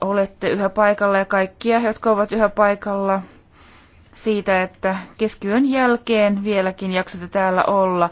olette yhä paikalla ja kaikkia, jotka ovat yhä paikalla siitä, että keskiyön jälkeen vieläkin jaksatte täällä olla.